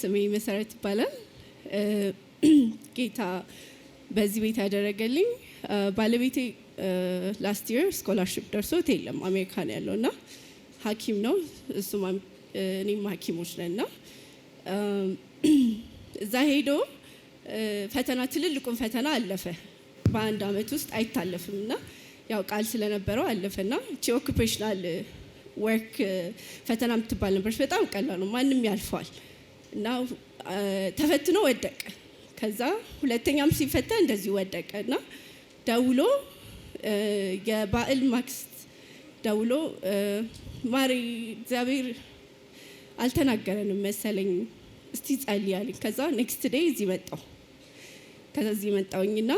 ስሜ መሰረት ይባላል። ጌታ በዚህ ቤት ያደረገልኝ ባለቤቴ ላስት ይር ስኮላርሽፕ ደርሶት የለም አሜሪካን ያለው እና ሐኪም ነው እሱም እኔም ሐኪሞች ነን እና እዛ ሄዶ ፈተና ትልልቁን ፈተና አለፈ። በአንድ አመት ውስጥ አይታለፍም እና ያው ቃል ስለነበረው አለፈና ቺ ኦኩፔሽናል ወርክ ፈተና የምትባል ነበረች። በጣም ቀላል ነው፣ ማንም ያልፈዋል። እና ተፈትኖ ወደቀ። ከዛ ሁለተኛም ሲፈተን እንደዚህ ወደቀ እና ደውሎ የባዕል ማክስት ደውሎ ማሪ እግዚአብሔር አልተናገረንም መሰለኝ እስቲ ጸልይ አለኝ። ከዛ ኔክስት ዴይ እዚህ መጣሁ። ከዛ እዚህ መጣሁኝና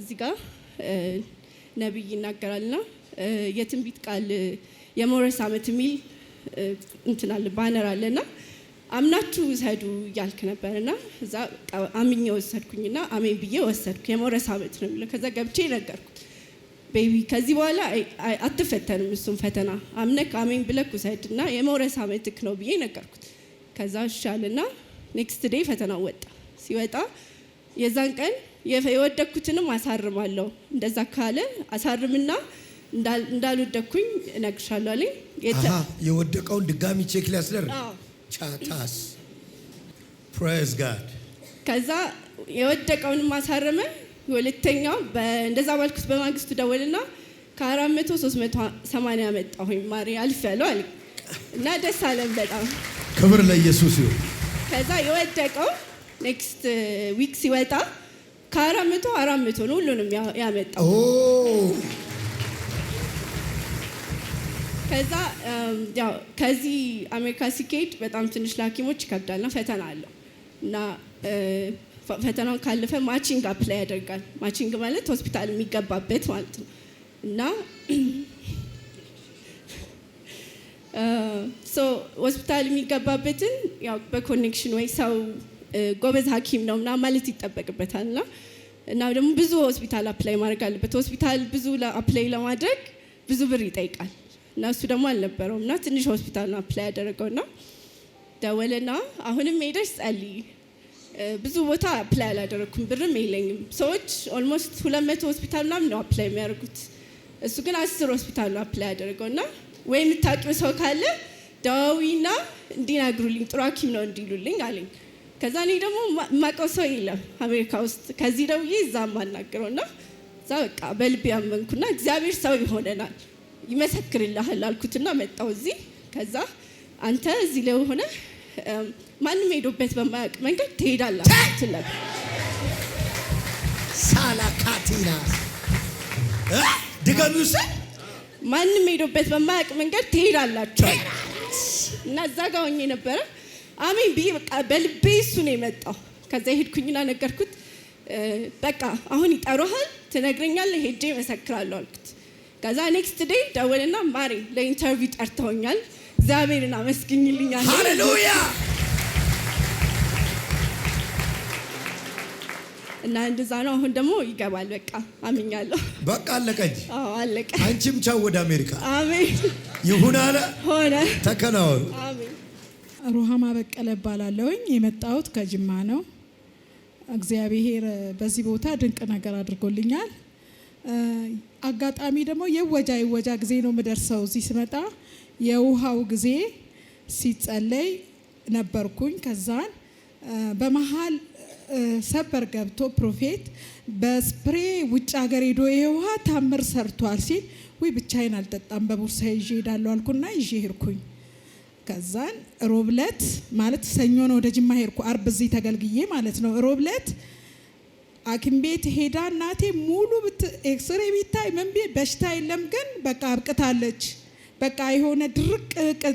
እዚህ ጋር ነቢይ ይናገራልና የትንቢት ቃል የመውረስ ዓመት የሚል እንትን አለ ባነር አለና አምናችሁ ውሰዱ እያልክ ነበር እና እዛ አምኜ ወሰድኩኝና አሜን ብዬ ወሰድኩ። የመውረስ አመት ነው የሚለው። ከዛ ገብቼ ነገርኩት፣ ቤቢ ከዚህ በኋላ አትፈተንም እሱም ፈተና አምነክ አሜን ብለክ ውሰድ እና የመውረስ አመትክ ነው ብዬ ነገርኩት። ከዛ ሻልና ኔክስት ዴይ ፈተናው ወጣ። ሲወጣ የዛን ቀን የወደኩትንም አሳርማለሁ እንደዛ ካለ አሳርምና እንዳልወደኩኝ እነግርሻለሁ አለኝ። የወደቀውን ድጋሚ ቼክ ሊያስደርግ ቻታስ ፕሬዝ ጋድ። ከዛ የወደቀውን ማሳረመ ሁለተኛው እንደዛ ባልኩት በማግስቱ ደወልና ከአራት መቶ ሶስት መቶ ሰማንያ መጣሁኝ ማሪ አልፌያለሁ አለ እና ደስ አለን በጣም ክብር ለኢየሱስ ይሁን። ከዛ የወደቀው ኔክስት ዊክ ሲወጣ ከአራት መቶ አራት መቶ ነው ሁሉንም ያመጣው ከዛ ያው ከዚህ አሜሪካ ሲኬድ በጣም ትንሽ ለሀኪሞች ይከብዳል ና ፈተና አለው እና ፈተናውን ካለፈ ማቺንግ አፕላይ ያደርጋል። ማቺንግ ማለት ሆስፒታል የሚገባበት ማለት ነው እና ሆስፒታል የሚገባበትን ያው በኮኔክሽን ወይ ሰው ጎበዝ ሐኪም ነው ምናምን ማለት ይጠበቅበታል እና እና ደግሞ ብዙ ሆስፒታል አፕላይ ማድረግ አለበት። ሆስፒታል ብዙ አፕላይ ለማድረግ ብዙ ብር ይጠይቃል። እና እሱ ደግሞ አልነበረውም እና ትንሽ ሆስፒታል ነው አፕላይ ያደረገው እና ደወለና አሁንም ሄደሽ ጸልይ ብዙ ቦታ አፕላይ አላደረግኩም፣ ብርም የለኝም። ሰዎች ኦልሞስት ሁለት መቶ ሆስፒታል ምናምን ነው አፕላይ የሚያደርጉት። እሱ ግን አስር ሆስፒታል ነው አፕላይ ያደረገው እና ወይ የምታውቂው ሰው ካለ ደዋዊና እንዲናግሩልኝ ጥሩ ሐኪም ነው እንዲሉልኝ አለኝ። ከዛ እኔ ደግሞ የማውቀው ሰው የለም አሜሪካ ውስጥ ከዚህ ደውዬ እዛ ማናገረው እና እዛ በቃ በልቤ ያመንኩና እግዚአብሔር ሰው ይሆነናል ይመሰክርልሃል አልኩትና መጣው እዚህ። ከዛ አንተ እዚህ ላይ ሆነ ማንም ሄዶበት በማያውቅ መንገድ ትሄዳለህ ሳላካቲና ነበር። ሳላካቲና ማንም ሄዶበት በማያውቅ መንገድ ትሄዳላችሁ እና እዛ ጋ ሆኜ ነበረ። አሜን ብዬ በቃ በልቤ እሱ ነው የመጣው። ከዛ ሄድኩኝና ነገርኩት። በቃ አሁን ይጠሩሃል፣ ትነግረኛለህ፣ ሄጄ ይመሰክራለሁ አልኩት። ከዛ ኔክስት ዴይ ደወልና ማሬ ለኢንተርቪው ጠርተውኛል፣ እግዚአብሔርን አመስግኝልኛል። ሃሌሉያ እና እንደዛ ነው። አሁን ደግሞ ይገባል። በቃ አምኛለሁ። በቃ አለቀ እንጂ አለቀ። አንቺም ቻው ወደ አሜሪካ። አሜን። ይሁን አለ ሆነ፣ ተከናወኑ። አሜን። ሩሃማ በቀለ እባላለሁኝ። የመጣሁት ከጅማ ነው። እግዚአብሔር በዚህ ቦታ ድንቅ ነገር አድርጎልኛል። አጋጣሚ ደግሞ የወጃ የወጃ ጊዜ ነው የምደርሰው። እዚህ ስመጣ የውሃው ጊዜ ሲጸለይ ነበርኩኝ። ከዛን በመሀል ሰበር ገብቶ ፕሮፌት በስፕሬ ውጭ ሀገር ሄዶ ይሄ ታምር ሰርቷል ሲል ውይ ብቻዬን አልጠጣም በቦርሳ ይዤ ሄዳለሁ አልኩና ይዤ ሄድኩኝ። ከዛን ሮብለት ማለት ሰኞ ነው ወደ ጅማ ሄድኩ። አርብ እዚህ ተገልግዬ ማለት ነው ሮብለት ሐኪም ቤት ሄዳ እናቴ ሙሉ ኤክስሬ ቢታይ ምን ቤ በሽታ የለም ግን በቃ አብቅታለች። በቃ የሆነ ድርቅ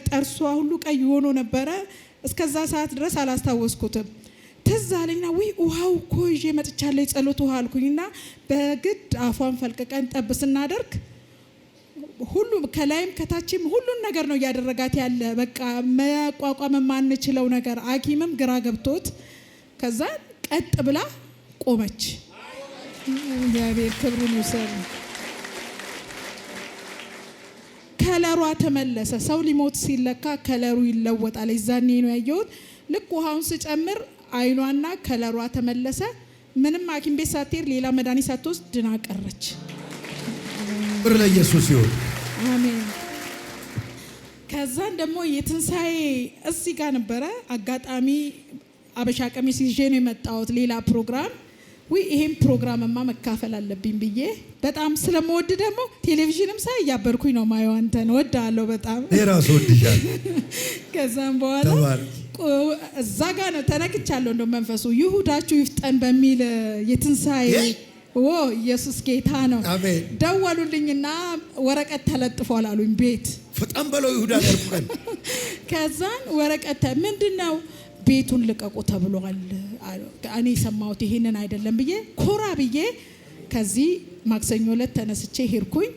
ጠርሷ ሁሉ ቀይ ሆኖ ነበረ። እስከዛ ሰዓት ድረስ አላስታወስኩትም። ትዝ አለኝና ውይ ውሃው እኮ ይዤ መጥቻለሁ የጸሎት ውሃ አልኩኝና በግድ አፏን ፈልቅቀን ጠብ ስናደርግ ሁሉም ከላይም ከታችም ሁሉን ነገር ነው እያደረጋት ያለ በቃ መቋቋም የማንችለው ነገር ሐኪምም ግራ ገብቶት ከዛ ቀጥ ብላ ቆመች። እግዚአብሔር ክብሩን ይውሰድ። ከለሯ ተመለሰ። ሰው ሊሞት ሲለካ ከለሩ ይለወጣል። የዛኔ ነው ያየሁት። ልክ ውሃውን ስጨምር አይኗና ከለሯ ተመለሰ። ምንም ሐኪም ቤት ሳትሄድ ሌላ መድኃኒት ሳትወስድ ድና ቀረች። ብር ለኢየሱስ ይሁን። አሜን። ከዛን ደግሞ የትንሣኤ እዚህ ጋር ነበረ አጋጣሚ አበሻ ቀሚስ ይዤ ነው የመጣሁት ሌላ ፕሮግራም ውይ ይሄን ፕሮግራምማ መካፈል አለብኝ ብዬ በጣም ስለምወድ ደግሞ ቴሌቪዥንም ሳይ እያበርኩኝ ነው ማየው። አንተን ወዳለሁ በጣም ራሱ ወድሻል። ከዛም በኋላ እዛ ጋ ነው ተነክቻለሁ። እንደ መንፈሱ ይሁዳችሁ ይፍጠን በሚል የትንሣኤ ኢየሱስ ጌታ ነው። ደወሉልኝና ወረቀት ተለጥፏል አሉኝ ቤት ፍጠን በለው ይሁዳ። ከዛን ወረቀት ምንድን ነው ቤቱን ልቀቁ ተብሏል። እኔ የሰማሁት ይሄንን አይደለም ብዬ ኮራ ብዬ ከዚህ ማክሰኞ ዕለት ተነስቼ ሄድኩኝ።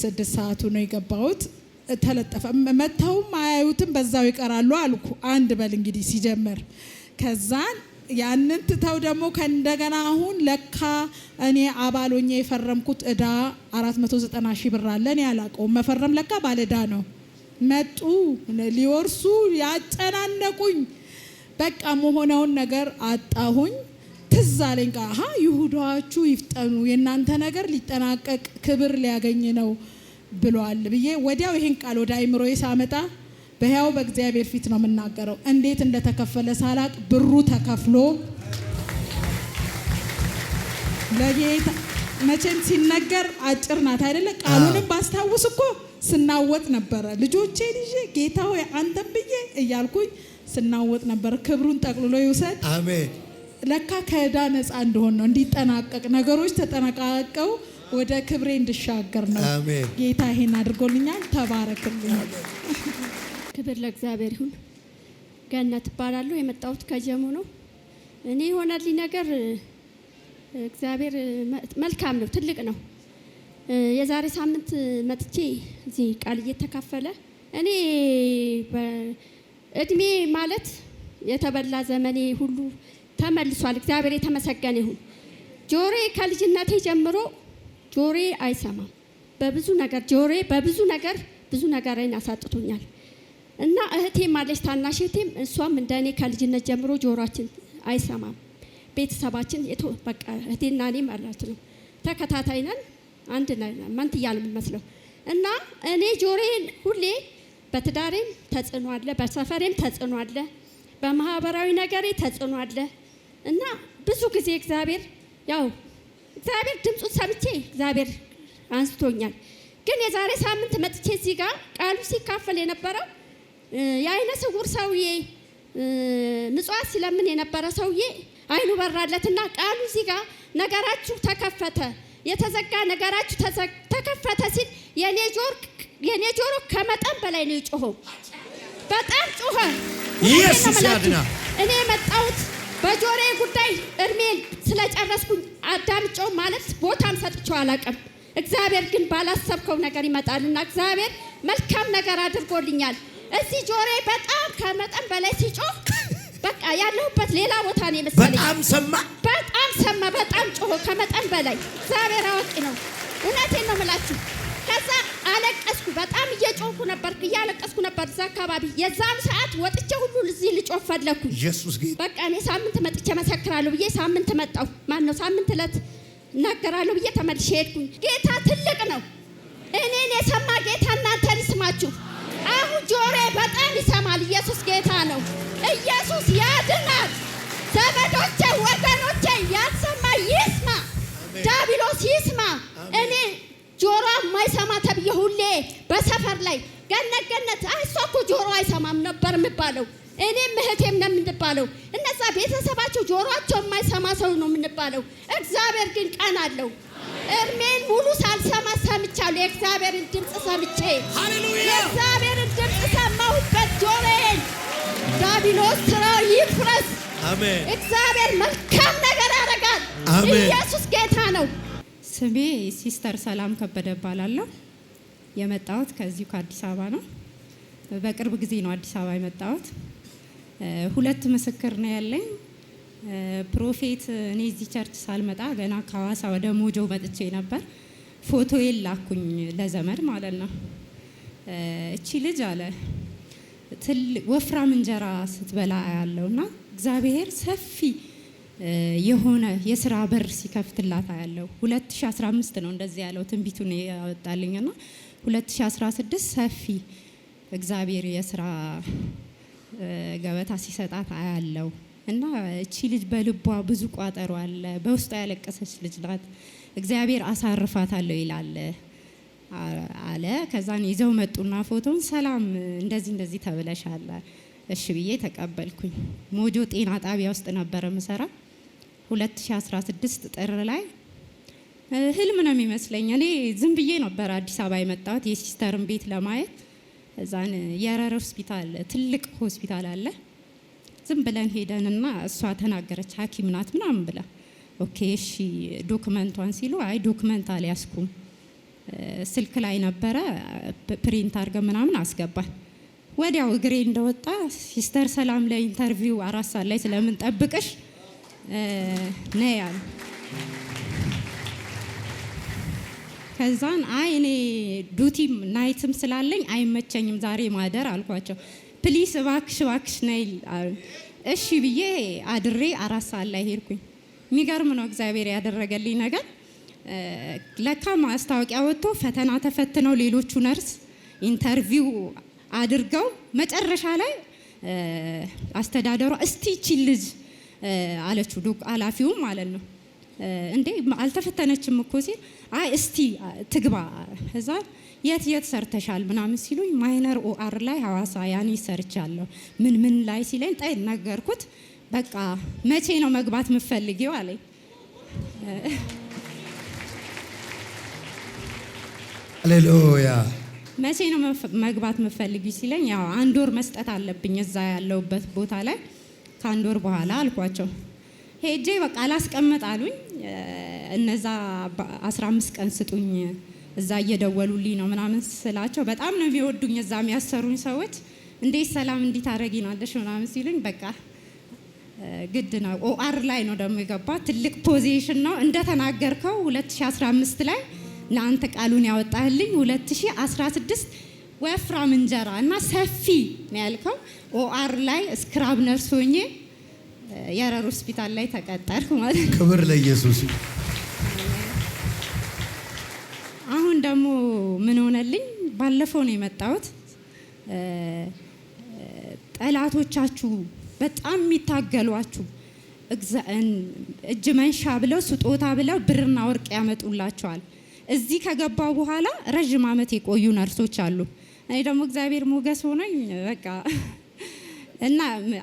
ስድስት ሰዓቱ ነው የገባሁት። ተለጠፈ። መተውም አያዩትም በዛው ይቀራሉ አልኩ። አንድ በል እንግዲህ ሲጀመር ከዛን ያንን ትተው ደግሞ ከእንደገና አሁን ለካ እኔ አባሎኛ የፈረምኩት እዳ 490 ሺህ ብር አለ። እኔ አላውቀውም። መፈረም ለካ ባለ እዳ ነው። መጡ ሊወርሱ ያጨናነቁኝ። በቃ መሆነውን ነገር አጣሁኝ። ትዝ አለኝ ቃ ይሁዳችሁ ይፍጠኑ፣ የእናንተ ነገር ሊጠናቀቅ ክብር ሊያገኝ ነው ብሏል ብዬ ወዲያው ይህን ቃል ወደ አይምሮ ሳመጣ በሕያው በእግዚአብሔር ፊት ነው የምናገረው። እንዴት እንደተከፈለ ሳላቅ ብሩ ተከፍሎ ለጌታ መቼም ሲነገር አጭር ናት አይደለ? ቃሉንም ባስታውስ እኮ ስናወጥ ነበረ ልጆቼ ልጄ ጌታ ሆይ አንተም ብዬ እያልኩኝ ስናወጥ ነበር። ክብሩን ጠቅልሎ ይውሰድ። አሜን። ለካ ከዕዳ ነፃ እንደሆን ነው እንዲጠናቀቅ ነገሮች ተጠናቀቀው ወደ ክብሬ እንድሻገር ነው። ጌታ ይሄን አድርጎልኛል። ተባረክልኝ። ክብር ለእግዚአብሔር ይሁን። ገነት እባላለሁ። የመጣሁት ከጀሙ ነው። እኔ የሆነልኝ ነገር እግዚአብሔር መልካም ነው፣ ትልቅ ነው። የዛሬ ሳምንት መጥቼ እዚህ ቃል እየተካፈለ እኔ እድሜ ማለት የተበላ ዘመኔ ሁሉ ተመልሷል። እግዚአብሔር የተመሰገነ ይሁን። ጆሮዬ ከልጅነቴ ጀምሮ ጆሮዬ አይሰማም። በብዙ ነገር ጆሮዬ በብዙ ነገር ብዙ ነገርን አሳጥቶኛል እና እህቴ አለች ታናሽ እህቴም እሷም እንደ እኔ ከልጅነት ጀምሮ ጆሮችን አይሰማም። ቤተሰባችን የቶ በቃ እህቴና እኔ ማለት ነው ተከታታይ ነን። አንድ ነን መንትያ ነው የምመስለው እና እኔ ጆሮዬን ሁሌ በትዳሬም ተጽዕኖ አለ፣ በሰፈሬም ተጽዕኖ አለ፣ በማህበራዊ ነገሬ ተጽዕኖ አለ እና ብዙ ጊዜ እግዚአብሔር ያው እግዚአብሔር ድምፁ ሰምቼ እግዚአብሔር አንስቶኛል። ግን የዛሬ ሳምንት መጥቼ እዚህ ጋር ቃሉ ሲካፈል የነበረው የአይነ ስውር ሰውዬ ምጽዋት ሲለምን የነበረ ሰውዬ አይኑ በራለትና ቃሉ እዚህ ጋር ነገራችሁ ተከፈተ የተዘጋ ነገራችሁ ተከፈተ ሲል የኔ ጆሮ ከመጠን በላይ ነው የጮኸው። በጣም ጮኸ። ኢየሱስ እኔ የመጣሁት በጆሮ ጉዳይ እድሜን ስለጨረስኩኝ አዳምጨው ማለት ቦታም ሰጥቼው አላውቅም። እግዚአብሔር ግን ባላሰብከው ነገር ይመጣልና እግዚአብሔር መልካም ነገር አድርጎልኛል። እዚህ ጆሬ በጣም ከመጠን በላይ ሲጮህ በቃ ያለሁበት ሌላ ቦታ ነው የመሰለኝ። በጣም ሰማ፣ በጣም ሰማ፣ በጣም ጮሆ ከመጠን በላይ እግዚአብሔር አዋቂ ነው። እውነቴን ነው የምላችሁ። ከዛ አለቀስኩ፣ በጣም እየጮኩ ነበር፣ እያለቀስኩ ነበር እዛ አካባቢ። የዛም ሰዓት ወጥቼ ሁሉ እዚህ ልጮህ ፈለኩ። ኢየሱስ ጌታ። በቃ እኔ ሳምንት መጥቼ መሰክራለሁ ብዬ ሳምንት መጣሁ። ማን ነው ሳምንት ዕለት እናገራለሁ ብዬ ተመልሼ ሄድኩኝ። ጌታ ትልቅ ነው። እኔን የሰማ ጌታ እናንተን ይስማችሁ። አሁን ጆሮዬ በጣም ይሰማል። ኢየሱስ ጌታ ነው። ኢየሱስ ያድናል። ዘመዶቼ፣ ወገኖቼ ያልሰማ ይስማ፣ ዳቢሎስ ይስማ። እኔ ጆሮ ማይሰማ ተብዬ ሁሌ በሰፈር ላይ ገነት ገነት፣ አይ እሷ እኮ ጆሮ አይሰማም ነበር የምባለው። እኔም እህቴም ነው የምንባለው። እነዛ ቤተሰባቸው ጆሮአቸው የማይሰማ ሰው ነው የምንባለው። እግዚአብሔር ግን ቀን አለው። እድሜን ሙሉ ሳልሰማ ሰምቻለሁ። የእግዚአብሔርን ድምፅ ሰምቼ የእግዚአብሔርን ድምፅ ሰማሁበት ጆሮዬን ዳቢሎስ ስራው ይፍረስ። አሜን። እግዚአብሔር መልካም ነገር ያደርጋል። ኢየሱስ ጌታ ነው። ስሜ ሲስተር ሰላም ከበደ እባላለሁ። የመጣሁት ከዚሁ ከአዲስ አበባ ነው። በቅርብ ጊዜ ነው አዲስ አበባ የመጣሁት። ሁለት ምስክር ነው ያለኝ። ፕሮፌት እኔ እዚህ ቸርች ሳልመጣ ገና ከሐዋሳ ወደ ሞጆ መጥቼ ነበር። ፎቶዬን ላኩኝ ለዘመድ ማለት ነው። እቺ ልጅ አለ ወፍራም እንጀራ ስትበላ ያለው እና እግዚአብሔር ሰፊ የሆነ የስራ በር ሲከፍትላት ያለው 2015 ነው እንደዚህ ያለው ትንቢቱን ያወጣልኝ እና 2016 ሰፊ እግዚአብሔር የስራ ገበታ ሲሰጣት አያለው እና እቺ ልጅ በልቧ ብዙ ቋጠሮ አለ። በውስጧ ያለቀሰች ልጅ ናት። እግዚአብሔር አሳርፋታለሁ ይላል። አለ። ከዛን ይዘው መጡና ፎቶን ሰላም እንደዚህ እንደዚህ ተብለሻለ። እሺ ብዬ ተቀበልኩኝ። ሞጆ ጤና ጣቢያ ውስጥ ነበረ ምሰራ 2016 ጥር ላይ ህልም ነው የሚመስለኝ። እኔ ዝም ብዬ ነበር አዲስ አበባ የመጣሁት የሲስተርን ቤት ለማየት። እዛን የረር ሆስፒታል ትልቅ ሆስፒታል አለ። ዝም ብለን ሄደንና እሷ ተናገረች፣ ሐኪም ናት ምናምን ብላ ኦኬ እሺ ዶክመንቷን ሲሉ አይ ዶክመንት አልያዝኩም ስልክ ላይ ነበረ ፕሪንት አድርገ ምናምን አስገባል። ወዲያው እግሬ እንደወጣ ሲስተር ሰላም ለኢንተርቪው አራት ሰዓት ላይ ስለምንጠብቅሽ ነይ አሉ። ከዛን አይ እኔ ዱቲም ናይትም ስላለኝ አይመቸኝም ዛሬ ማደር አልኳቸው። ፕሊስ እባክሽ እባክሽ ነይ እሺ ብዬ አድሬ አራት ሰዓት ላይ ሄድኩኝ። የሚገርም ነው እግዚአብሔር ያደረገልኝ ነገር ለካ ማስታወቂያ ወጥቶ ፈተና ተፈትነው ሌሎቹ ነርስ ኢንተርቪው አድርገው መጨረሻ ላይ አስተዳደሯ እስቲ ይቺ ልጅ አለችው ዶክ ኃላፊውም ማለት ነው እንዴ አልተፈተነችም እኮ ሲል አይ እስቲ ትግባ እዛ የት የት ሰርተሻል ምናምን ሲሉኝ ማይነር ኦአር ላይ ሐዋሳ ያኔ ሰርቻለሁ ምን ምን ላይ ሲለኝ ጠይ ነገርኩት በቃ መቼ ነው መግባት የምፈልጊው አለኝ ሃሌሉያ። መቼ ነው መግባት መፈልግ ሲለኝ፣ ያው አንድ ወር መስጠት አለብኝ እዛ ያለውበት ቦታ ላይ ከአንድ ወር በኋላ አልኳቸው። ሄጄ በቃ አላስቀምጥ አሉኝ። እነዛ 15 ቀን ስጡኝ እዛ እየደወሉልኝ ነው ምናምን ስላቸው፣ በጣም ነው የሚወዱኝ እዛ የሚያሰሩኝ ሰዎች። እንዴት ሰላም እንዲት አደረጊ ምናምን ሲሉኝ፣ በቃ ግድ ነው። ኦአር ላይ ነው ደግሞ የገባ ትልቅ ፖዚሽን ነው እንደተናገርከው 2015 ላይ ለአንተ ቃሉን ያወጣህልኝ 2016 ወፍራም እንጀራ እና ሰፊ ነው ያልከው። ኦአር ላይ ስክራብ ነርስ ሆኜ የረር ሆስፒታል ላይ ተቀጠርኩ ማለት ነው። ክብር ለኢየሱስ። አሁን ደግሞ ምን ሆነልኝ? ባለፈው ነው የመጣሁት። ጠላቶቻችሁ በጣም የሚታገሏችሁ እጅ መንሻ ብለው ስጦታ ብለው ብርና ወርቅ ያመጡላቸዋል። እዚህ ከገባ በኋላ ረዥም ዓመት የቆዩ ነርሶች አሉ። እኔ ደግሞ እግዚአብሔር ሞገስ ሆነኝ በቃ እና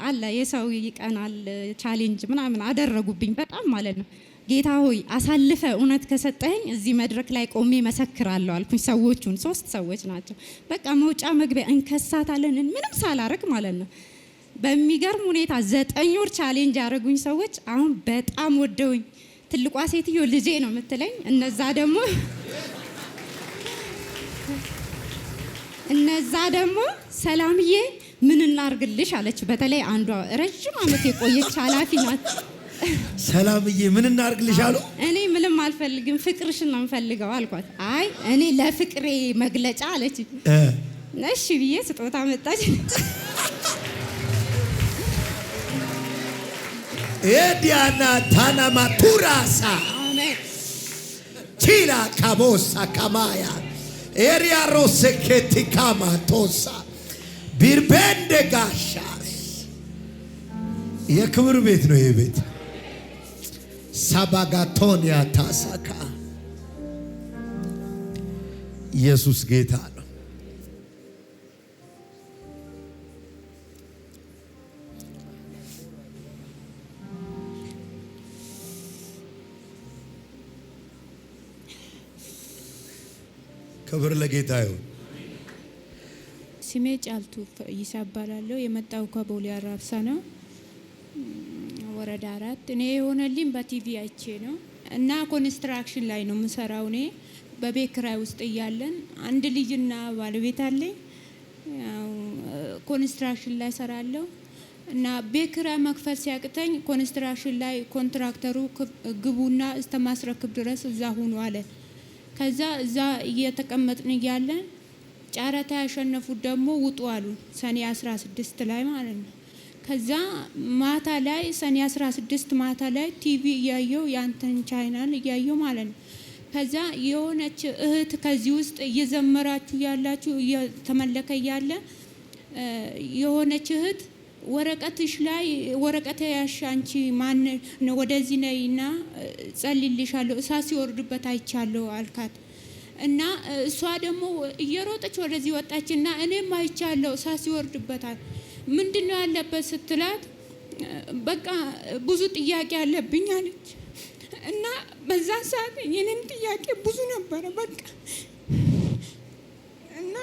አለ የሰው ይቀናል ቻሌንጅ ምናምን አደረጉብኝ በጣም ማለት ነው። ጌታ ሆይ አሳልፈ እውነት ከሰጠኝ እዚህ መድረክ ላይ ቆሜ መሰክራለሁ አልኩኝ። ሰዎቹን ሶስት ሰዎች ናቸው። በቃ መውጫ መግቢያ እንከሳታለን ምንም ሳላረግ ማለት ነው። በሚገርም ሁኔታ ዘጠኝ ወር ቻሌንጅ ያደረጉኝ ሰዎች አሁን በጣም ወደውኝ ትልቋ ሴትዮ ልጄ ነው የምትለኝ። እነዛ ደግሞ እነዛ ደግሞ ሰላምዬ ምን እናርግልሽ አለች። በተለይ አንዷ ረዥም ዓመት የቆየች ኃላፊ ናት። ሰላምዬ ምን እናርግልሽ አሉ። እኔ ምንም አልፈልግም ፍቅርሽን ነው የምፈልገው አልኳት። አይ እኔ ለፍቅሬ መግለጫ አለች። እሺ ብዬ ስጦታ መጣች። ኤዲያና ታናማ ቱራሳ ቺላ ካቦሳ ካማያ ኤሪያ ሮሴኬቲ ካማ ቶሳ ቢርቤንደ ጋሻ የክብር ቤት ነው ይሄ ቤት። ሳባጋቶንያ ታሳካ ኢየሱስ ጌታ ክብር ለጌታ ይሁን። ስሜ ጫልቱ ፈይሳ እባላለሁ። የመጣው ከቦሌ አራብሳ ነው፣ ወረዳ አራት። እኔ የሆነልኝ በቲቪ አይቼ ነው እና ኮንስትራክሽን ላይ ነው የምሰራው። እኔ በቤት ኪራይ ውስጥ እያለን አንድ ልጅና ባለቤት አለኝ። ኮንስትራክሽን ላይ ሰራለሁ እና ቤት ኪራይ መክፈል ሲያቅተኝ ኮንስትራክሽን ላይ ኮንትራክተሩ ግቡና እስከ ድረስ እዛ ሁኑ አለ። ከዛ እዛ እየተቀመጥን እያለን ጨረታ ያሸነፉ ደግሞ ውጡ አሉ ሰኔ 16 ላይ ማለት ነው። ከዛ ማታ ላይ ሰኔ 16 ማታ ላይ ቲቪ እያየው የአንተን ቻይናን እያየው ማለት ነው። ከዛ የሆነች እህት ከዚህ ውስጥ እየዘመራችሁ ያላችሁ እየተመለከ ያለ የሆነች እህት ወረቀትሽ ላይ ወረቀት ያሽ አንቺ ማን ወደዚህ ነይና ጸልልሻለሁ እሳት ሲወርድበት አይቻለሁ አልካት እና እሷ ደግሞ እየሮጠች ወደዚህ ወጣች እና እኔም አይቻለሁ እሳት ሲወርድበታል ምንድን ነው ያለበት ስትላት በቃ ብዙ ጥያቄ አለብኝ አለች እና በዛን ሰዓት የኔም ጥያቄ ብዙ ነበረ በቃ እና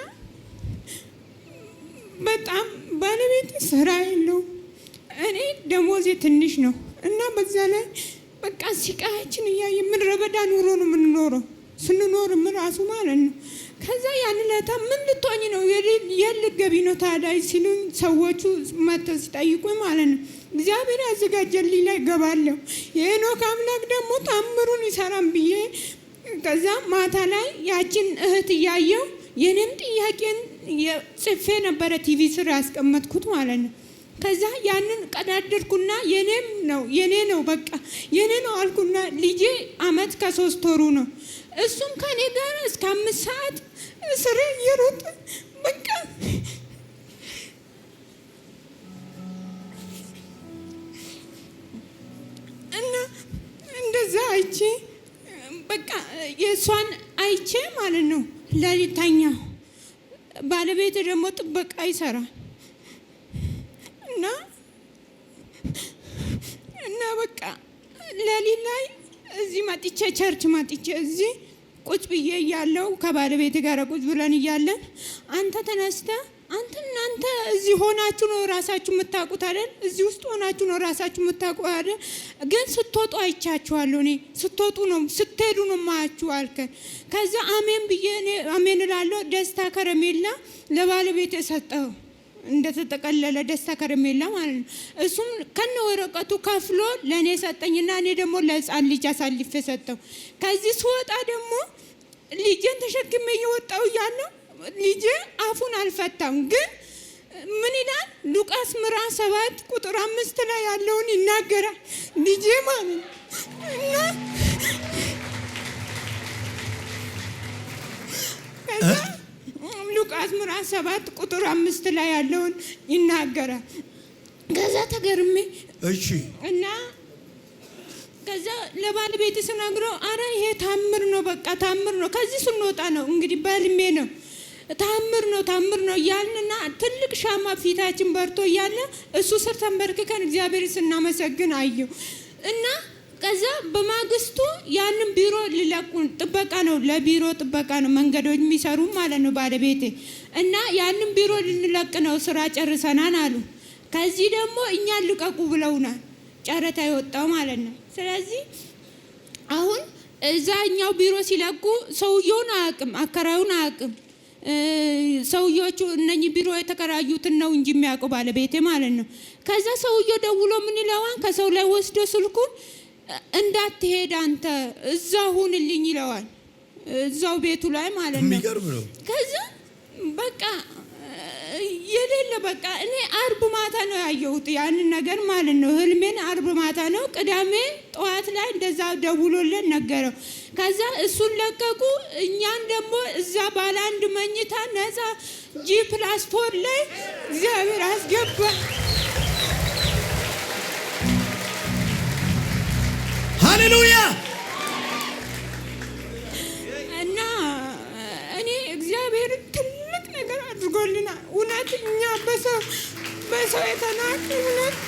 በጣም ባለቤት ስራ የለው፣ እኔ ደሞዜ ትንሽ ነው እና በዛ ላይ በቃ ሲቃያችን እያየ ምድረ ኑሮ ነው የምንኖረው ስንኖር ምራሱ ማለት ነው። ከዛ ያን ለታ ምን ልትሆኝ ነው ገቢ ነው ታዳይ ሲሉኝ ሰዎቹ መጥተው ሲጠይቁ ማለት ነው እግዚአብሔር ያዘጋጀልኝ ላይ ገባለሁ። የኖክ አምላክ ደግሞ ታምሩን ይሰራም ብዬ ከዛ ማታ ላይ ያችን እህት እያየው የኔም ጥያቄን ጽፌ ነበረ ቲቪ ስር ያስቀመጥኩት ማለት ነው። ከዛ ያንን ቀዳደርኩና የኔም ነው የኔ ነው በቃ የኔ ነው አልኩና ልጄ አመት ከሶስት ወሩ ነው። እሱም ከኔ ጋር እስከ አምስት ሰዓት እስር እየሮጠ በቃ እና እንደዛ አይቼ በቃ የእሷን አይቼ ማለት ነው ለሊታኛ ባለቤት ደግሞ ጥበቃ ይሰራል እና እና በቃ ሌሊት ላይ እዚህ መጥቼ ቸርች መጥቼ እዚህ ቁጭ ብዬ እያለው ከባለቤት ጋር ቁጭ ብለን እያለን አንተ ተነስተ አንተ እናንተ እዚህ ሆናችሁ ነው ራሳችሁ የምታውቁት አይደል? እዚህ ውስጥ ሆናችሁ ነው ራሳችሁ የምታውቁ አይደል? ግን ስትወጡ አይቻችኋለሁ። እኔ ስትወጡ ነው ስትሄዱ ነው ማያችሁ አልከ። ከዛ አሜን ብዬ እኔ አሜን እላለሁ። ደስታ ከረሜላ ለባለቤት የሰጠው እንደተጠቀለለ ደስታ ከረሜላ ማለት ነው። እሱም ከነ ወረቀቱ ከፍሎ ለእኔ ሰጠኝና እኔ ደግሞ ለህፃን ልጅ አሳልፌ ሰጠው። ከዚህ ስወጣ ደግሞ ልጄን ተሸክሜ እየወጣው እያለሁ ልጅ አፉን አልፈታም ግን ምን ይላል? ሉቃስ ምዕራፍ ሰባት ቁጥር አምስት ላይ ያለውን ይናገራል። ልጅ ማለት እና ሉቃስ ምዕራፍ ሰባት ቁጥር አምስት ላይ ያለውን ይናገራል። ከዛ ተገርሜ እሺ እና ከዛ ለባለቤት ስናግረው አረ ይሄ ታምር ነው፣ በቃ ታምር ነው። ከዚህ ስንወጣ ነው እንግዲህ በልሜ ነው ታምር ነው ታምር ነው እያልንና ትልቅ ሻማ ፊታችን በርቶ እያለ እሱ ስር ተንበርክከን እግዚአብሔር ስናመሰግን አየው እና ከዛ በማግስቱ ያንን ቢሮ ሊለቁን ጥበቃ ነው፣ ለቢሮ ጥበቃ ነው መንገዶች የሚሰሩ ማለት ነው ባለቤቴ እና ያንን ቢሮ ልንለቅ ነው ስራ ጨርሰናን አሉ። ከዚህ ደግሞ እኛን ልቀቁ ብለውናል። ጨረታ የወጣው ማለት ነው። ስለዚህ አሁን እዛኛው ቢሮ ሲለቁ ሰውየውን አያውቅም፣ አከራዩን አያውቅም። ሰውዮቹ እነኚህ ቢሮ የተከራዩትን ነው እንጂ የሚያውቀው ባለቤቴ ማለት ነው። ከዛ ሰውየው ደውሎ ምን ይለዋል? ከሰው ላይ ወስዶ ስልኩን እንዳትሄድ አንተ እዛ ሁንልኝ ይለዋል። እዛው ቤቱ ላይ ማለት ነው። ከዛ በቃ በቃ እኔ አርብ ማታ ነው ያየሁት ያንን ነገር ማለት ነው። ህልሜን አርብ ማታ ነው። ቅዳሜ ጠዋት ላይ እንደዛ ደውሎልን ነገረው። ከዛ እሱን ለቀቁ። እኛን ደግሞ እዛ ባለ አንድ መኝታ ነፃ ጂ ፕላስ ፎር ላይ እግዚአብሔር አስገባ። ሃሌሉያ አድርጎልናል። እውነት እኛ በሰው የተናቅ እውነት